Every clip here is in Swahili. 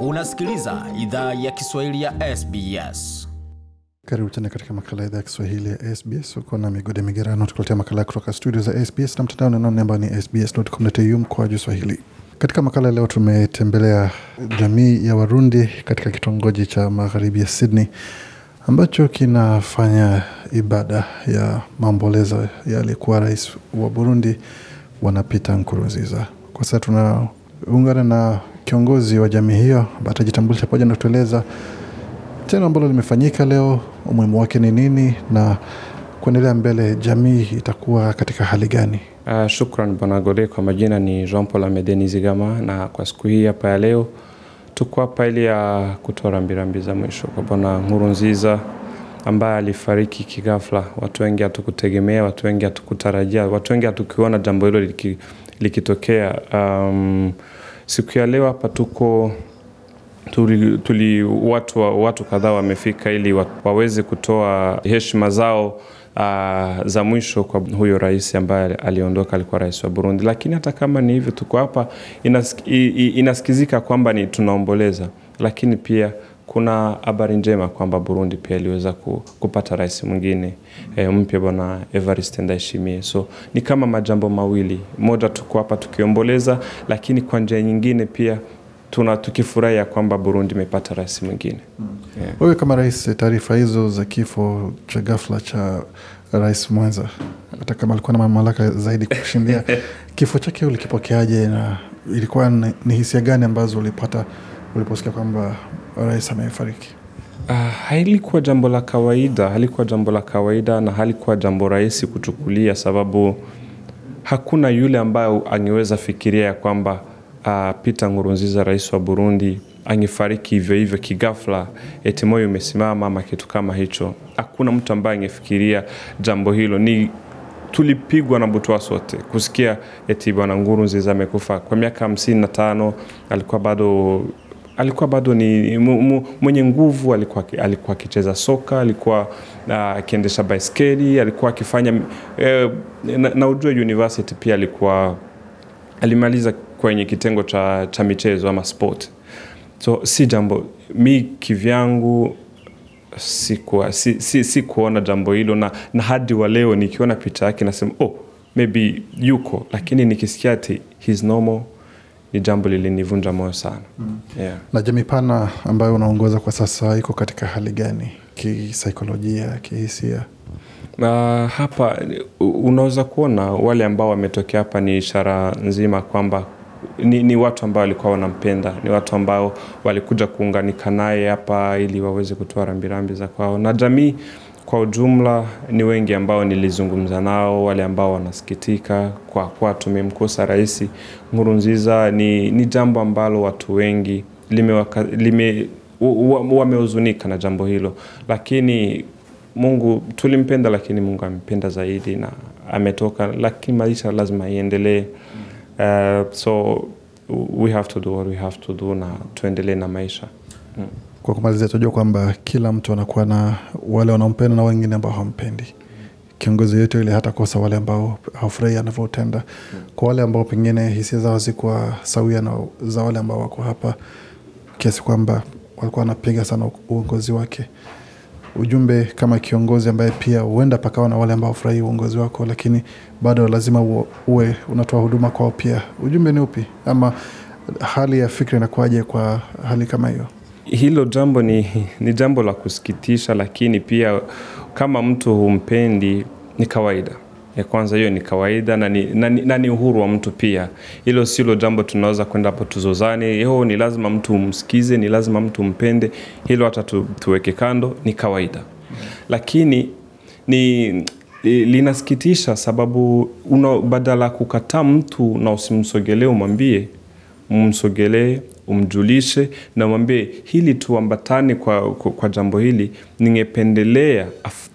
Unasikiliza idhaa ya Kiswahili ya SBS. Karibu tena katika makala idhaa ya Kiswahili ya SBS. Uko na migode migerano, tukuletea makala kutoka studio za SBS na mtandao nanaone ambao ni sbs.com.au juu swahili. Katika makala leo tumetembelea jamii ya Warundi katika kitongoji cha magharibi ya Sydney ambacho kinafanya ibada ya maombolezo ya aliyekuwa rais wa Burundi Bwana Pierre Nkurunziza. Kwa sasa tunaungana na kiongozi wa jamii hiyo ambaye atajitambulisha pamoja na kutueleza tendo ambalo limefanyika leo, umuhimu wake ni nini na kuendelea mbele jamii itakuwa katika hali gani? Uh, shukran bwana Gode. Kwa majina ni Jean Paul Amedeni Zigama, na kwa siku hii hapa ya leo tuko hapa ili ya kutoa rambirambi za mwisho kwa bwana Nkurunziza ambaye alifariki kighafla. Watu wengi hatukutegemea, watu wengi hatukutarajia, watu wengi hatukiona jambo hilo likitokea liki um, Siku ya leo hapa tuko tuli, tuli watu, watu kadhaa wamefika ili waweze kutoa heshima zao Uh, za mwisho kwa huyo rais ambaye aliondoka, alikuwa rais wa Burundi. Lakini hata kama ni hivyo, tuko hapa, inasikizika kwamba ni tunaomboleza, lakini pia kuna habari njema kwamba Burundi pia iliweza kupata rais mwingine e, mpya bwana Evariste Ndayishimiye. So ni kama majambo mawili, moja tuko hapa tukiomboleza, lakini kwa njia nyingine pia tuna tukifurahia kwamba Burundi imepata rais mwingine. Mm. Wewe hmm. yeah. kama rais, taarifa hizo za kifo cha ghafla cha rais mwenza, hata kama alikuwa na mamlaka zaidi kushindia kifo chake, ulikipokeaje na ilikuwa ni hisia gani ambazo ulipata? uliposikia kwamba rais amefariki? Uh, ah, halikuwa jambo la kawaida, halikuwa jambo la kawaida na halikuwa jambo rahisi kuchukulia, sababu hakuna yule ambaye angeweza fikiria ya kwamba uh, Peter Nkurunziza, rais wa Burundi, angefariki hivyo hivyo kigafla, eti moyo imesimama ama kitu kama hicho. Hakuna mtu ambaye angefikiria jambo hilo. Ni tulipigwa na butwa sote kusikia eti bwana Nkurunziza amekufa kwa miaka hamsini na tano, alikuwa bado alikuwa bado ni mwenye nguvu, alikuwa alikuwa akicheza soka, alikuwa ah, akiendesha baiskeli, alikuwa akifanya eh, na, na ujue university pia alikuwa alimaliza kwenye kitengo cha, cha michezo ama sport, so si jambo mi kivyangu sikuona si, si, si jambo hilo na, na hadi wa leo nikiona picha yake nasema oh, maybe yuko lakini nikisikia ati he's normal ni jambo lilinivunja moyo sana mm. yeah. na jamii pana ambayo unaongoza kwa sasa iko katika hali gani kisaikolojia kihisia uh, hapa unaweza kuona wale ambao wametokea hapa ni ishara nzima kwamba ni, ni watu ambao walikuwa wanampenda ni watu ambao walikuja kuunganika naye hapa ili waweze kutoa rambirambi za kwao na jamii kwa ujumla ni wengi ambao nilizungumza nao, wale ambao wanasikitika kwa kuwa tumemkosa rais Nkurunziza. Ni, ni jambo ambalo watu wengi wamehuzunika na jambo hilo, lakini Mungu tulimpenda, lakini Mungu amependa zaidi na ametoka, lakini maisha lazima iendelee. Uh, so we have to do what we have to do na tuendelee na maisha mm. Kwa kumalizia, tunajua kwamba kila mtu anakuwa na wale wanaompenda na wengine ambao hawampendi. Kiongozi yote ile hata kosa wale ambao hawafurahi anavyotenda. Kwa wale ambao pengine hisia zao zikuwa sawia na za wale ambao wako hapa, kiasi kwamba walikuwa wanapiga sana uongozi wake. Ujumbe kama kiongozi ambaye pia huenda pakawa na wale ambao hawafurahi uongozi wako, lakini bado lazima uwe unatoa huduma kwao pia. Ujumbe ni upi? Ama hali ya fikra inakuwaje kwa hali kama hiyo? hilo jambo ni, ni jambo la kusikitisha, lakini pia kama mtu humpendi ni kawaida ya kwanza hiyo ni kawaida na ni, na, ni, na ni uhuru wa mtu pia. Hilo silo jambo tunaweza kwenda hapo tuzozane, yo ni lazima mtu umsikize, ni lazima mtu umpende. Hilo hata tu, tuweke kando, ni kawaida, lakini ni linasikitisha sababu una, badala ya kukataa mtu na usimsogelee, umwambie, msogelee umjulishe na mwambie hili tuambatane kwa, kwa, kwa jambo hili ningependelea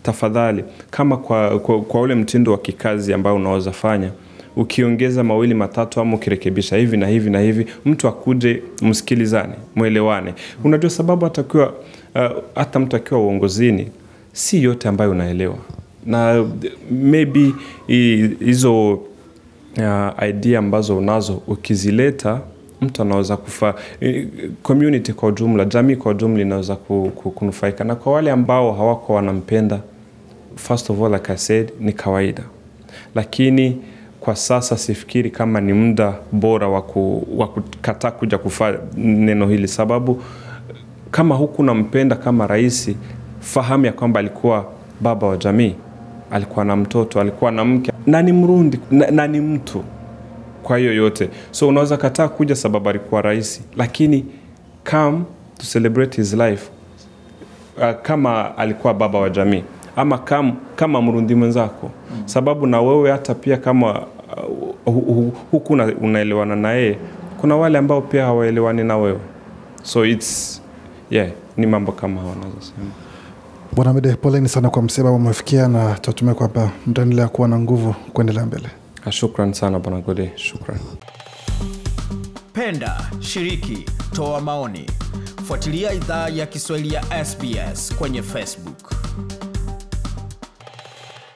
tafadhali kama kwa, kwa, kwa ule mtindo wa kikazi ambao unaweza fanya ukiongeza mawili matatu ama ukirekebisha hivi na hivi na hivi mtu akuje msikilizane mwelewane unajua sababu atakiwa uh, hata uh, mtu akiwa uongozini si yote ambayo unaelewa na maybe hizo uh, idea ambazo unazo ukizileta mtu anaweza kufa eh, community kwa ujumla, jamii kwa ujumla inaweza kunufaika. Na kwa wale ambao hawako wanampenda, first of all, like I said, ni kawaida, lakini kwa sasa sifikiri kama ni muda bora wa kukataa kuja kufa neno hili, sababu kama huku nampenda kama rais, fahamu ya kwamba alikuwa baba wa jamii, alikuwa na mtoto, alikuwa na mke na ni Mrundi na, na ni mtu kwa hiyo yote, so unaweza kataa kuja sababu alikuwa rais, lakini come to celebrate his life uh, kama alikuwa baba wa jamii ama kam, kama mrundi mwenzako mm. Sababu na wewe hata pia kama uh, huku unaelewana na yeye, kuna wale ambao pia hawaelewani na wewe, so it's yeah, ni mambo kama hao naweza Bwana Mede, poleni sana kwa msiba umefikia, na tunatumia kwamba mtaendelea kuwa na nguvu kuendelea mbele. Shukran sana bwana Gode, shukran. Penda, shiriki, toa maoni, fuatilia idhaa ya Kiswahili ya SBS kwenye Facebook.